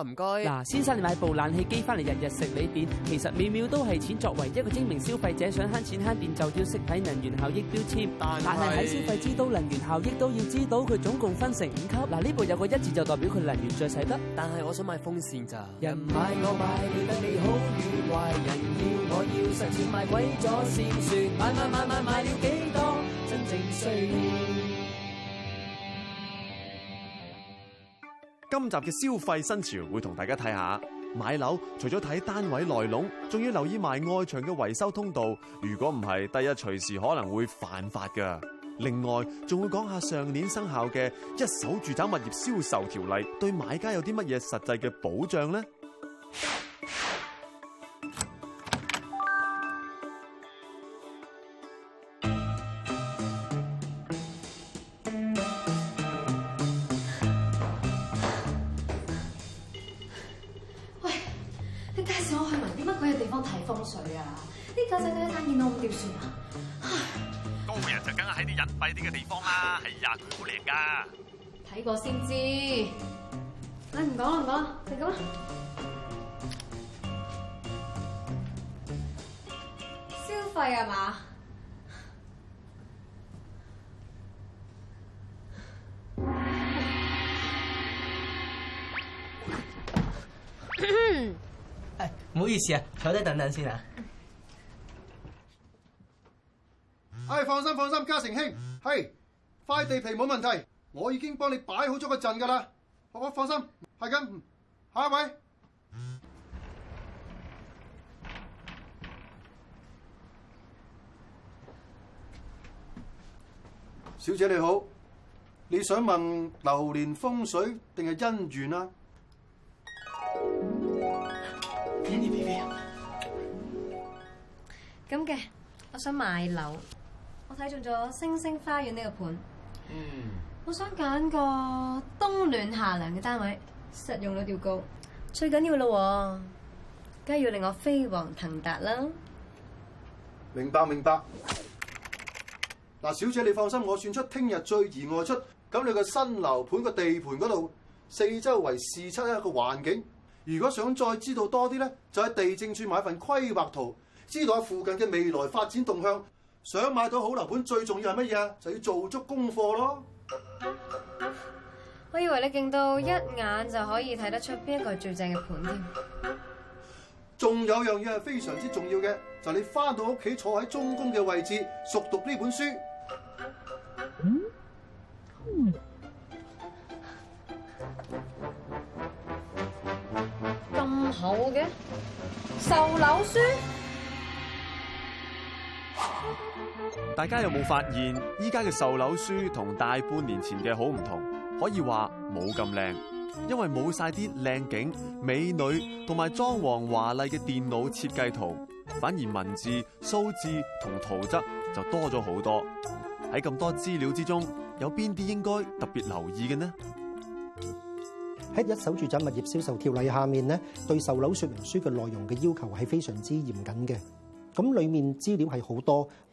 唔該。嗱，先生你買部冷氣機翻嚟日日食你電，其實每秒都係錢。作為一個精明消費者，想慳錢慳電就要識睇能源效益標籤。但係喺消費之都能源效益都要知道，佢總共分成五級。嗱，呢部有個一字就代表佢能源最省得。但係我想買風扇咋？人買我買，理得你好與壞。人要我要實踐，買鬼咗先算。買買買買買了幾多真正需要？今集嘅消費新潮會同大家睇下，買樓除咗睇單位內籠，仲要留意埋外牆嘅維修通道。如果唔係，第一隨時可能會犯法㗎。另外，仲會講下上年生效嘅一手住宅物業銷售條例，對買家有啲乜嘢實際嘅保障呢？呢個先知，你唔講，唔講，你講啊！消費係嘛？哎，唔好意思啊，坐低等等先啊！哎，放心，放心，嘉誠兄，係、hey, 塊地皮冇問題。我已經幫你擺好咗個陣噶啦，好唔好？放心。係咁，下一位，小姐你好，你想問流年風水定係姻緣啊？咁、嗯、嘅，我想買樓，我睇中咗星星花園呢個盤。嗯。我想揀個冬暖夏涼嘅單位，實用率調高，最緊要咯，梗係要令我飛黃騰達啦。明白明白，嗱，小姐你放心，我算出聽日最宜外出。咁你個新樓盤個地盤嗰度四周圍視測一個環境。如果想再知道多啲咧，就喺地政處買份規劃圖，知道附近嘅未來發展動向。想買到好樓盤，最重要係乜嘢啊？就要做足功課咯。我以為你勁到一眼就可以睇得出邊一個係最正嘅盤添。仲有樣嘢，係非常之重要嘅，就係你翻到屋企坐喺中宮嘅位置，熟讀呢本書這麼。咁好嘅售樓書？大家有冇發現，依家嘅售樓書同大半年前嘅好唔同，可以話冇咁靚，因為冇晒啲靚景、美女同埋裝潢華麗嘅電腦設計圖，反而文字、數字同圖則就多咗好多。喺咁多資料之中，有邊啲應該特別留意嘅呢？喺一手住宅物業銷售條例下面呢，對售樓說明書嘅內容嘅要求係非常之嚴謹嘅。咁裏面資料係好多。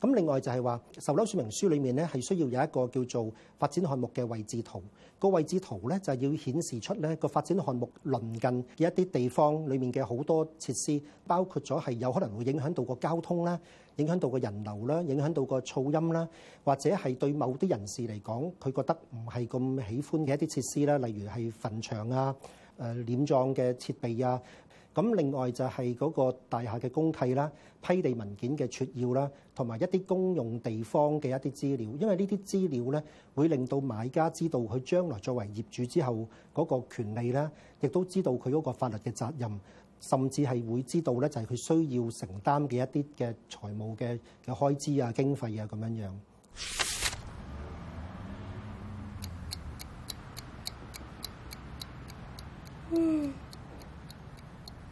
咁另外就係話，售樓説明書裏面呢，係需要有一個叫做發展項目嘅位置圖。個位置圖呢，就係要顯示出呢個發展項目鄰近嘅一啲地方裏面嘅好多設施，包括咗係有可能會影響到個交通啦，影響到個人流啦，影響到個噪音啦，或者係對某啲人士嚟講，佢覺得唔係咁喜歡嘅一啲設施啦，例如係墳場啊、誒殮葬嘅設備啊。咁另外就係嗰個大廈嘅公契啦、批地文件嘅撮要啦，同埋一啲公用地方嘅一啲資料，因為呢啲資料咧會令到買家知道佢將來作為業主之後嗰個權利啦，亦都知道佢嗰個法律嘅責任，甚至係會知道咧就係佢需要承擔嘅一啲嘅財務嘅嘅開支啊、經費啊咁樣樣。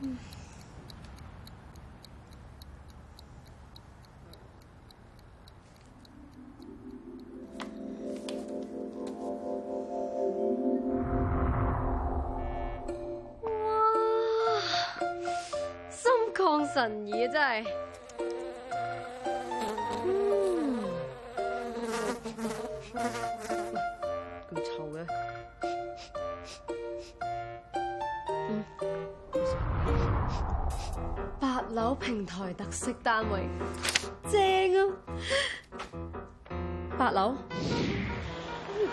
嗯、哇！心曠神怡、啊、真係。平台特色單位，正啊！八樓，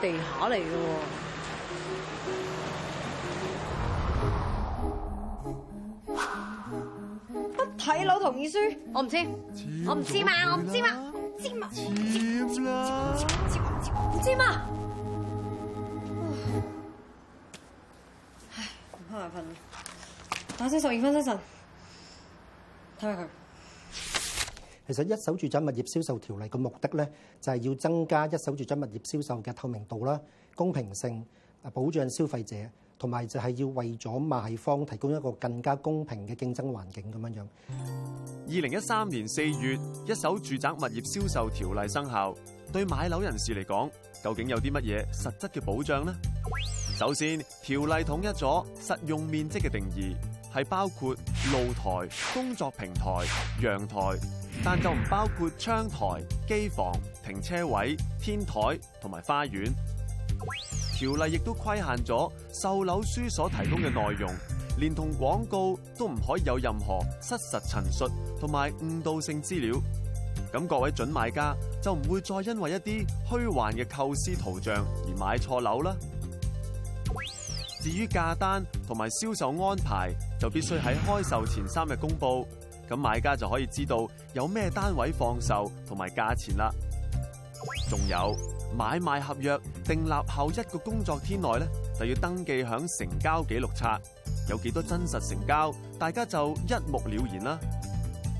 地下嚟嘅喎。不睇樓同意書，我唔簽，我唔簽嘛，我唔簽嘛，簽嘛，唔簽嘛。唉，唔瞌眼瞓，打先十二分精神。其實一手住宅物業銷售條例嘅目的呢，就係要增加一手住宅物業銷售嘅透明度啦、公平性，啊保障消費者，同埋就係要為咗賣方提供一個更加公平嘅競爭環境咁樣樣。二零一三年四月，一手住宅物業銷售條例生效，對買樓人士嚟講，究竟有啲乜嘢實質嘅保障呢？首先，條例統一咗實用面積嘅定義。係包括露台、工作平台、陽台，但就唔包括窗台、機房、停車位、天台同埋花園。條例亦都規限咗售樓書所提供嘅內容，連同廣告都唔可以有任何失實陳述同埋誤導性資料。咁各位準買家就唔會再因為一啲虛幻嘅構思圖像而買錯樓啦。至於價單同埋銷售安排，就必須喺開售前三日公布，咁買家就可以知道有咩單位放售同埋價錢啦。仲有，買賣合約訂立後一個工作天內咧，就要登記響成交記錄冊，有幾多真實成交，大家就一目了然啦。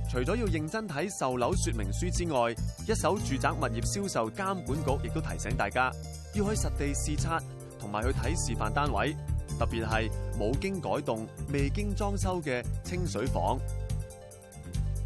除咗要認真睇售樓說明書之外，一手住宅物業銷售監管局亦都提醒大家，要去實地視察同埋去睇示範單位。特別係冇經改動、未經裝修嘅清水房，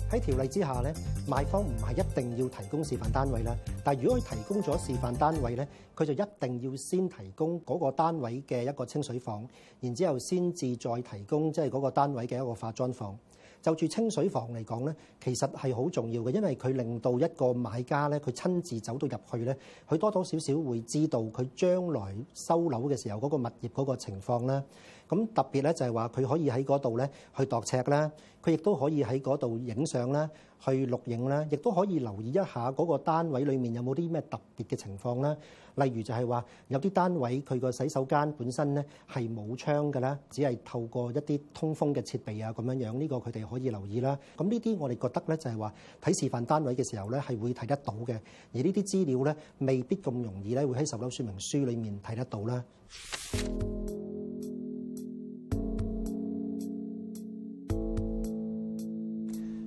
喺條例之下咧，賣方唔係一定要提供示範單位啦。但係如果佢提供咗示範單位咧，佢就一定要先提供嗰個單位嘅一個清水房，然之後先至再提供即係嗰個單位嘅一個化妝房。就住清水房嚟講呢，其實係好重要嘅，因為佢令到一個買家呢，佢親自走到入去呢，佢多多少少會知道佢將來收樓嘅時候嗰個物業嗰個情況啦。咁特別呢，就係話佢可以喺嗰度呢去度尺啦，佢亦都可以喺嗰度影相啦，去錄影啦，亦都可以留意一下嗰個單位裏面有冇啲咩特別嘅情況啦。例如就係話，有啲單位佢個洗手間本身咧係冇窗嘅啦，只係透過一啲通風嘅設備啊咁樣樣，呢、呢個佢哋可以留意啦。咁呢啲我哋覺得咧就係話，睇示範單位嘅時候咧係會睇得到嘅，而呢啲資料咧未必咁容易咧會喺售樓説明書裡面睇得到啦。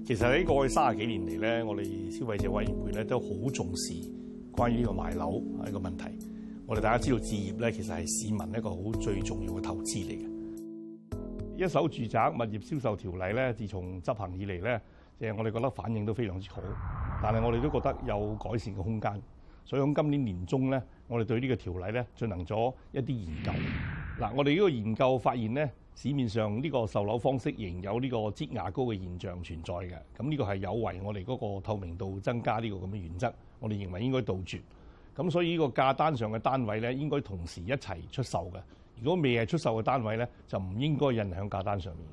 其實喺過去三十幾年嚟咧，我哋消費者委員會咧都好重視。關於呢個賣樓係一個問題，我哋大家知道，置業咧其實係市民一個好最重要嘅投資嚟嘅。一手住宅物業銷售條例咧，自從執行以嚟咧，即係我哋覺得反應都非常之好，但係我哋都覺得有改善嘅空間。所以喺今年年中咧，我哋對呢個條例咧進行咗一啲研究。嗱，我哋呢個研究發現咧。市面上呢個售樓方式仍有呢個擠牙膏嘅現象存在嘅。咁呢個係有違我哋嗰個透明度增加呢個咁嘅原則，我哋認為應該杜絕，咁所以呢個價單上嘅單位咧，應該同時一齊出售嘅。如果未係出售嘅單位咧，就唔應該印響價單上面。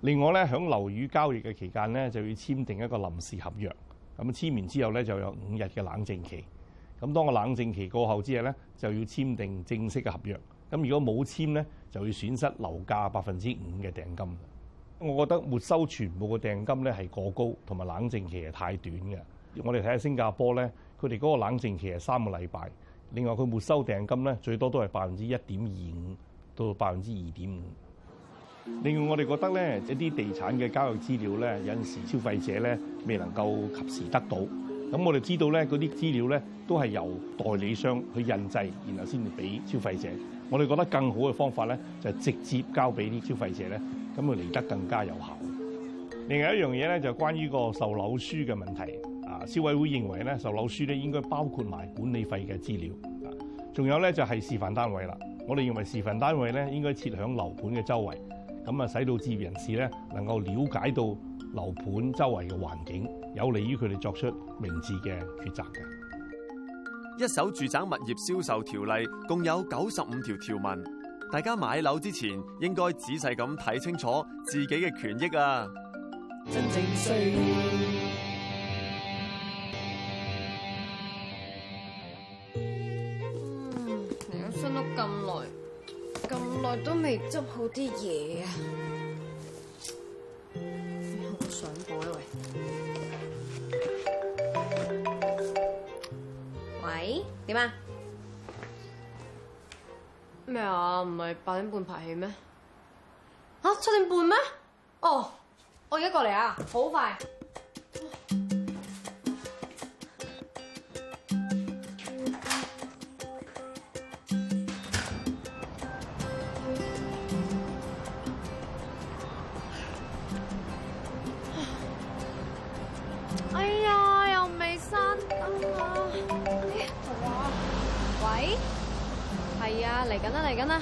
另外咧，響樓宇交易嘅期間咧，就要簽訂一個臨時合約，咁簽完之後咧，就有五日嘅冷靜期。咁當個冷靜期過後之日咧，就要簽訂正式嘅合約。咁如果冇簽咧，就會損失樓價百分之五嘅訂金。我覺得沒收全部嘅訂金咧係過高，同埋冷靜期係太短嘅。我哋睇下新加坡咧，佢哋嗰個冷靜期係三個禮拜。另外佢沒收訂金咧最多都係百分之一點二五到百分之二點五。另外我哋覺得咧，一啲地產嘅交易資料咧，有陣時消費者咧未能夠及時得到。咁我哋知道咧，嗰啲資料咧都係由代理商去印製，然後先至俾消費者。我哋覺得更好嘅方法咧，就係直接交俾啲消費者咧，咁佢嚟得更加有效。另外一樣嘢咧，就係關於個售樓書嘅問題。啊，消委會認為咧，售樓書咧應該包括埋管理費嘅資料。仲有咧就係示範單位啦。我哋認為示範單位咧應該設響樓盤嘅周圍，咁啊使到置業人士咧能夠了解到樓盤周圍嘅環境，有利於佢哋作出明智嘅抉擇㗎。一手住宅物業銷售條例共有九十五條條文，大家買樓之前應該仔細咁睇清楚自己嘅權益啊！真正需要。嗯，嚟咗新屋咁耐，咁耐都未執好啲嘢啊！點啊？咩啊？唔係八點半拍戲咩？啊？七點半咩？哦，我而家過嚟啊，好快。嚟緊啦，嚟緊啦，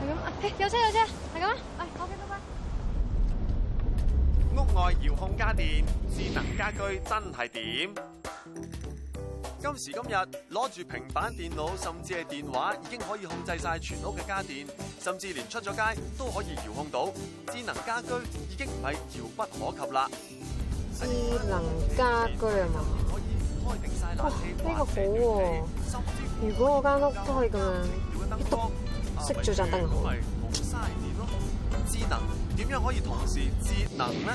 係咁，有車有車，係咁啦，喂，再見，再見。屋外遙控家電，智能家居真係點？今時今日，攞住平板電腦甚至係電話，已經可以控制晒全屋嘅家電，甚至連出咗街都可以遙控到。智能家居已經唔係遙不可及啦。智能家居係嘛？哇，呢個好喎！如果我間屋都可以咁樣。多識住就得了。智能點樣可以同時節能呢？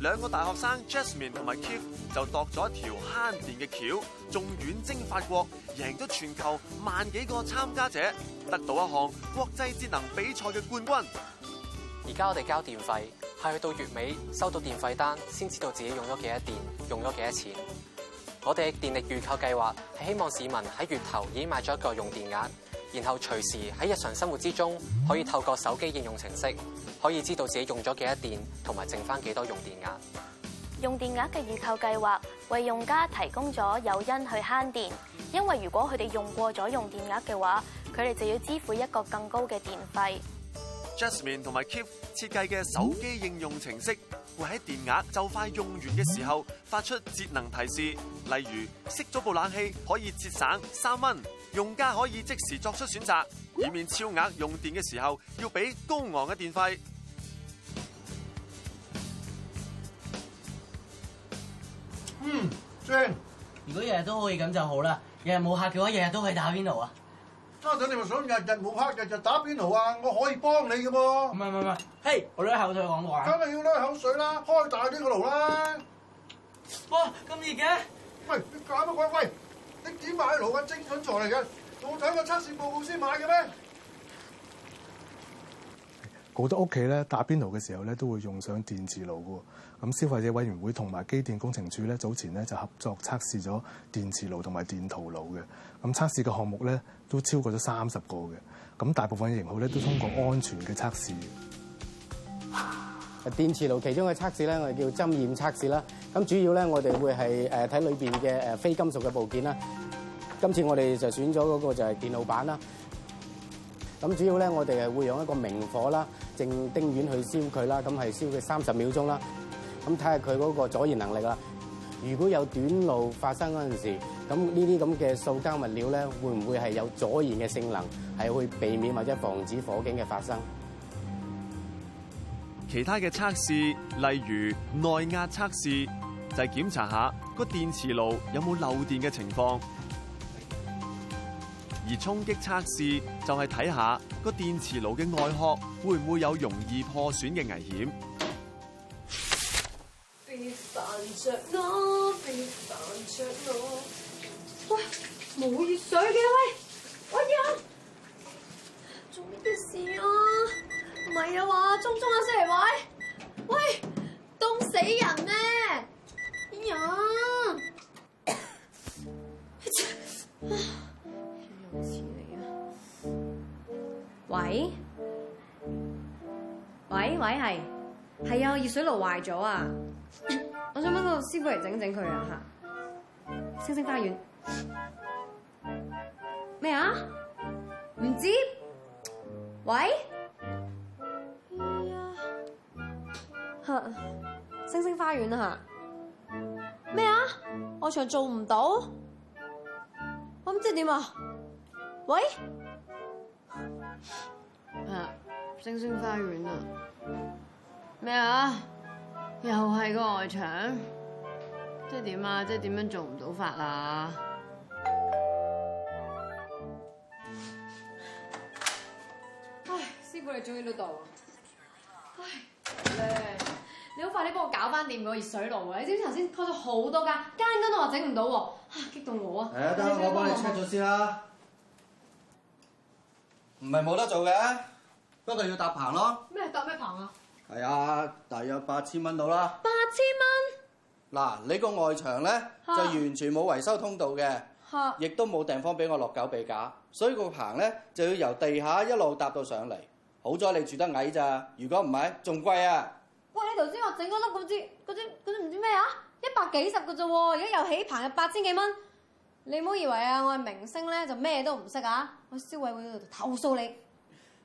兩個大學生 Jasmine 同埋 Kip 就度咗一條慳電嘅橋，仲遠征法國，贏咗全球萬幾個參加者，得到一項國際智能比賽嘅冠軍。而家我哋交電費係去到月尾收到電費單先知道自己用咗幾多電，用咗幾多錢。我哋嘅電力預購計劃係希望市民喺月頭已經買咗一個用電額。然後隨時喺日常生活之中，可以透過手機應用程式，可以知道自己用咗幾多電，同埋剩翻幾多用電額。用電額嘅預購計劃為用家提供咗誘因去慳電，因為如果佢哋用過咗用電額嘅話，佢哋就要支付一個更高嘅電費。Jasmine 同埋 Keep 設計嘅手機應用程式，會喺電額就快用完嘅時候，發出節能提示，例如熄咗部冷氣可以節省三蚊。用家可以即時作出選擇，以免超額用電嘅時候要俾高昂嘅電費。嗯，正。如果日日都可以咁就好啦。日日冇客嘅話，日日都可以打邊爐啊。家陣你咪想日日冇客，日日打邊爐啊？我可以幫你嘅喎、啊。唔係唔係唔係，嘿，hey, 我拉口水講嘅話。梗係要拉口水啦，開大啲個爐啦。哇，咁熱嘅。喂，你搞乜鬼，鬼？喂。你點買爐嘅精準材嚟嘅？我睇過測試報告先買嘅咩？好多屋企咧打邊爐嘅時候咧，都會用上電磁爐嘅。咁消費者委員會同埋機電工程署咧，早前咧就合作測試咗電磁爐同埋電陶爐嘅。咁測試嘅項目咧都超過咗三十個嘅。咁大部分嘅型號咧都通過安全嘅測試的。電磁爐其中嘅測試咧，我哋叫針驗測試啦。咁主要咧，我哋會係誒睇裏邊嘅誒非金屬嘅部件啦。今次我哋就選咗嗰個就係電路板啦。咁主要咧，我哋係會用一個明火啦，正丁烷去燒佢啦。咁係燒佢三十秒鐘啦。咁睇下佢嗰個阻燃能力啦。如果有短路發生嗰陣時，咁呢啲咁嘅塑膠物料咧，會唔會係有阻燃嘅性能，係去避免或者防止火警嘅發生？其他嘅測試，例如內壓測試，就係、是、檢查一下個電磁爐有冇漏電嘅情況；而衝擊測試就係睇下個電磁爐嘅外殼會唔會有容易破損嘅危險。了冇熱水呀，做咩嘅事啊？唔係啊嘛，匆匆啊，西嚟、哎、喂，喂，凍死人咩？哎呀！吓、啊，又似你啊。喂，喂喂，係，係啊，熱水爐壞咗啊，我想搵個師傅嚟整整佢啊吓。星星花園。咩啊？唔知。喂？星星花園啊？咩啊？外牆做唔到？我唔知點啊？喂啊？星星花園啊？咩啊？又係個外牆？即係點啊？即係點樣做唔到法啊？唉，師傅，你終於都到啊。唉。你快幫好快，你幫我搞翻掂個熱水爐啊！你知唔知頭先開咗好多間，間間都話整唔到，喎，激到我啊！係啊，得啦，我幫你 check 咗先啦。唔係冇得做嘅，不過要搭棚咯。咩搭咩棚啊？係啊，大約八千蚊到啦。八千蚊？嗱，你個外牆咧就完全冇維修通道嘅，亦都冇地方俾我落狗鼻架，所以個棚咧就要由地下一路搭到上嚟。好彩你住得矮咋，如果唔係仲貴啊！喂，你頭先話整嗰粒嗰支，嗰啲唔知咩啊？一百幾十嘅啫喎，而家又起棚又八千幾蚊，你唔好以為我明星就什麼都不啊，我係明星咧就咩都唔識啊！我消委會喺度投訴你。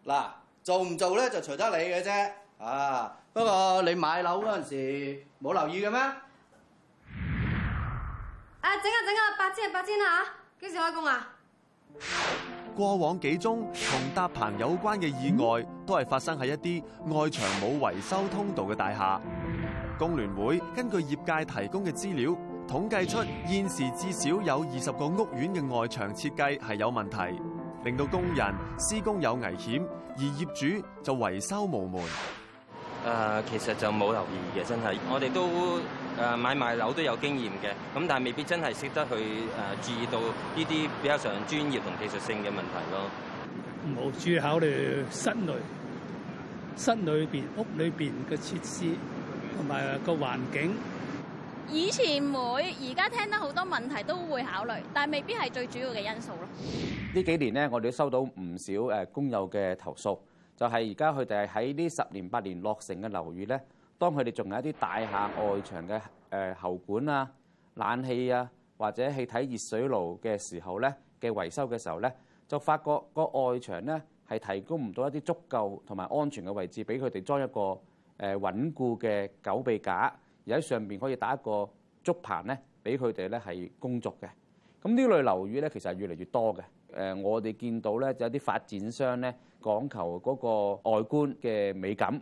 嗱，做唔做咧就除得你嘅啫，啊！不過你買樓嗰陣時冇留意嘅咩？啊，整下整啊，八千啊八千啦嚇，幾時開工啊？過往幾宗同搭棚有關嘅意外，都係發生喺一啲外牆冇維修通道嘅大廈。工聯會根據業界提供嘅資料，統計出現時至少有二十個屋苑嘅外牆設計係有問題，令到工人施工有危險，而業主就維修無門。誒、呃、其實就冇留意嘅，真係我哋都誒、呃、買賣樓都有經驗嘅，咁但係未必真係識得去誒、呃、注意到呢啲比較上專業同技術性嘅問題咯。冇主要考慮室內、室裏邊、屋裏邊嘅設施同埋個環境。以前唔會，而家聽得好多問題都會考慮，但係未必係最主要嘅因素咯。呢幾年咧，我哋都收到唔少誒工友嘅投訴。就係而家佢哋喺呢十年八年落成嘅樓宇咧，當佢哋仲有一啲大廈外牆嘅誒喉管啊、冷氣啊或者氣體熱水爐嘅時候咧嘅維修嘅時候咧，就發覺個外牆咧係提供唔到一啲足夠同埋安全嘅位置俾佢哋裝一個誒穩固嘅狗臂架，而喺上邊可以打一個竹棚咧，俾佢哋咧係工作嘅。咁呢類樓宇咧，其實係越嚟越多嘅。誒，我哋見到咧，就有啲發展商咧，講求嗰個外觀嘅美感，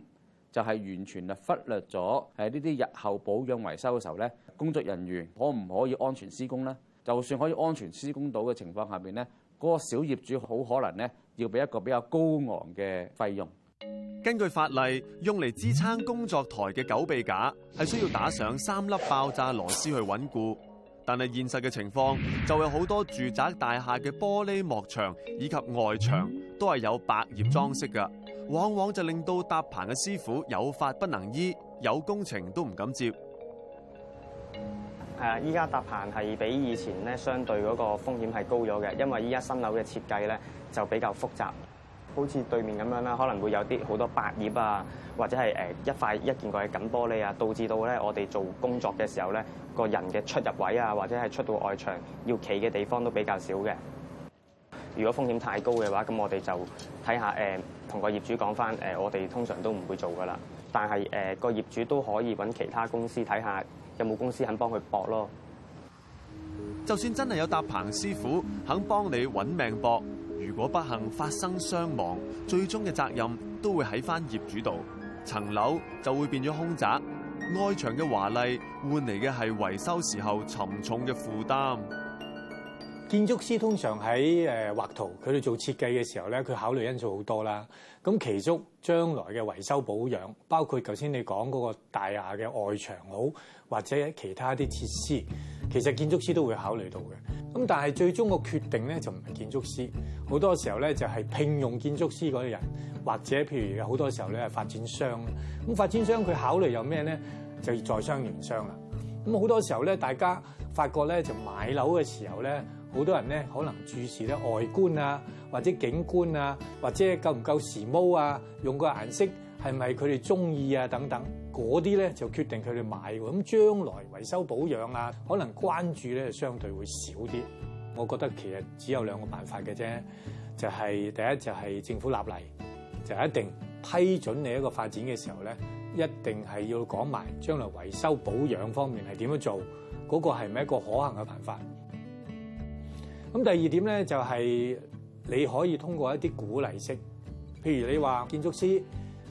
就係完全啊忽略咗誒呢啲日後保養維修嘅時候咧，工作人員可唔可以安全施工咧？就算可以安全施工到嘅情況下邊咧，嗰個小業主好可能咧，要俾一個比較高昂嘅費用。根據法例，用嚟支撐工作台嘅狗臂架係需要打上三粒爆炸螺絲去穩固。但係現實嘅情況就有好多住宅大廈嘅玻璃幕牆以及外牆都係有百葉裝飾噶，往往就令到搭棚嘅師傅有法不能依，有工程都唔敢接。誒，依家搭棚係比以前咧相對嗰個風險係高咗嘅，因為依家新樓嘅設計咧就比較複雜。好似對面咁樣啦，可能會有啲好多百葉啊，或者係誒一塊一件嗰啲緊玻璃啊，導致到咧我哋做工作嘅時候咧，個人嘅出入位啊，或者係出到外牆要企嘅地方都比較少嘅。如果風險太高嘅話，咁我哋就睇下誒，同、呃、個業主講翻誒，我哋通常都唔會做㗎喇。但係誒個業主都可以揾其他公司睇下有冇公司肯幫佢搏咯。就算真係有搭棚師傅肯幫你揾命搏。如果不幸發生傷亡，最終嘅責任都會喺翻業主度，層樓就會變咗凶宅，外牆嘅華麗換嚟嘅係維修時候沉重嘅負擔。建築師通常喺誒畫圖，佢哋做設計嘅時候咧，佢考慮因素好多啦。咁其中將來嘅維修保養，包括頭先你講嗰個大廈嘅外牆好，或者其他啲設施，其實建築師都會考慮到嘅。咁但係最終個決定咧就唔係建築師，好多時候咧就係聘用建築師嗰啲人，或者譬如好多時候咧係發展商。咁發展商佢考慮有咩咧？就在商言商啦。咁好多時候咧，大家發覺咧就買樓嘅時候咧。好多人咧，可能注視咧外觀啊，或者景觀啊，或者夠唔夠時髦啊，用個顏色係咪佢哋中意啊等等，嗰啲咧就決定佢哋買。咁將來維修保養啊，可能關注咧相對會少啲。我覺得其實只有兩個辦法嘅啫，就係、是、第一就係政府立例，就是、一定批准你一個發展嘅時候咧，一定係要講埋將來維修保養方面係點樣做，嗰、那個係咪一個可行嘅辦法？咁第二點咧，就係你可以通過一啲鼓勵式，譬如你話建築師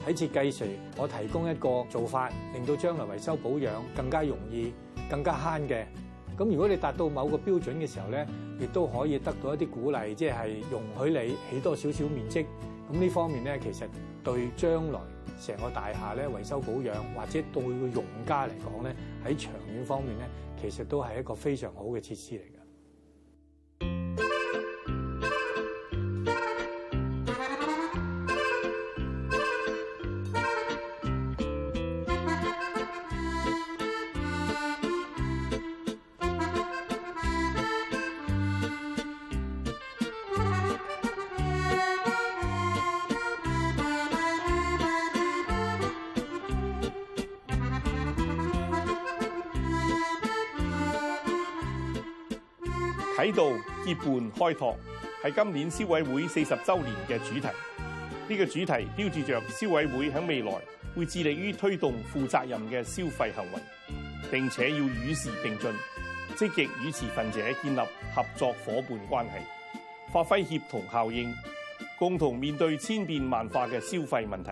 喺設計時我提供一個做法，令到將來維修保養更加容易，更加慳嘅。咁如果你達到某個標準嘅時候咧，亦都可以得到一啲鼓勵，即係容許你起多少少面積，咁呢方面咧，其實對將來成個大廈咧維修保養或者對個用家嚟講咧，喺長遠方面咧，其實都係一個非常好嘅設施嚟。喺度結伴開拓係今年消委會四十周年嘅主題。呢個主題標誌著消委會響未來會致力於推動負責任嘅消費行為，並且要與時並進，積極與持份者建立合作伙伴關係，發揮協同效應，共同面對千變萬化嘅消費問題，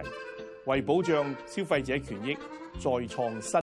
為保障消費者權益再創新。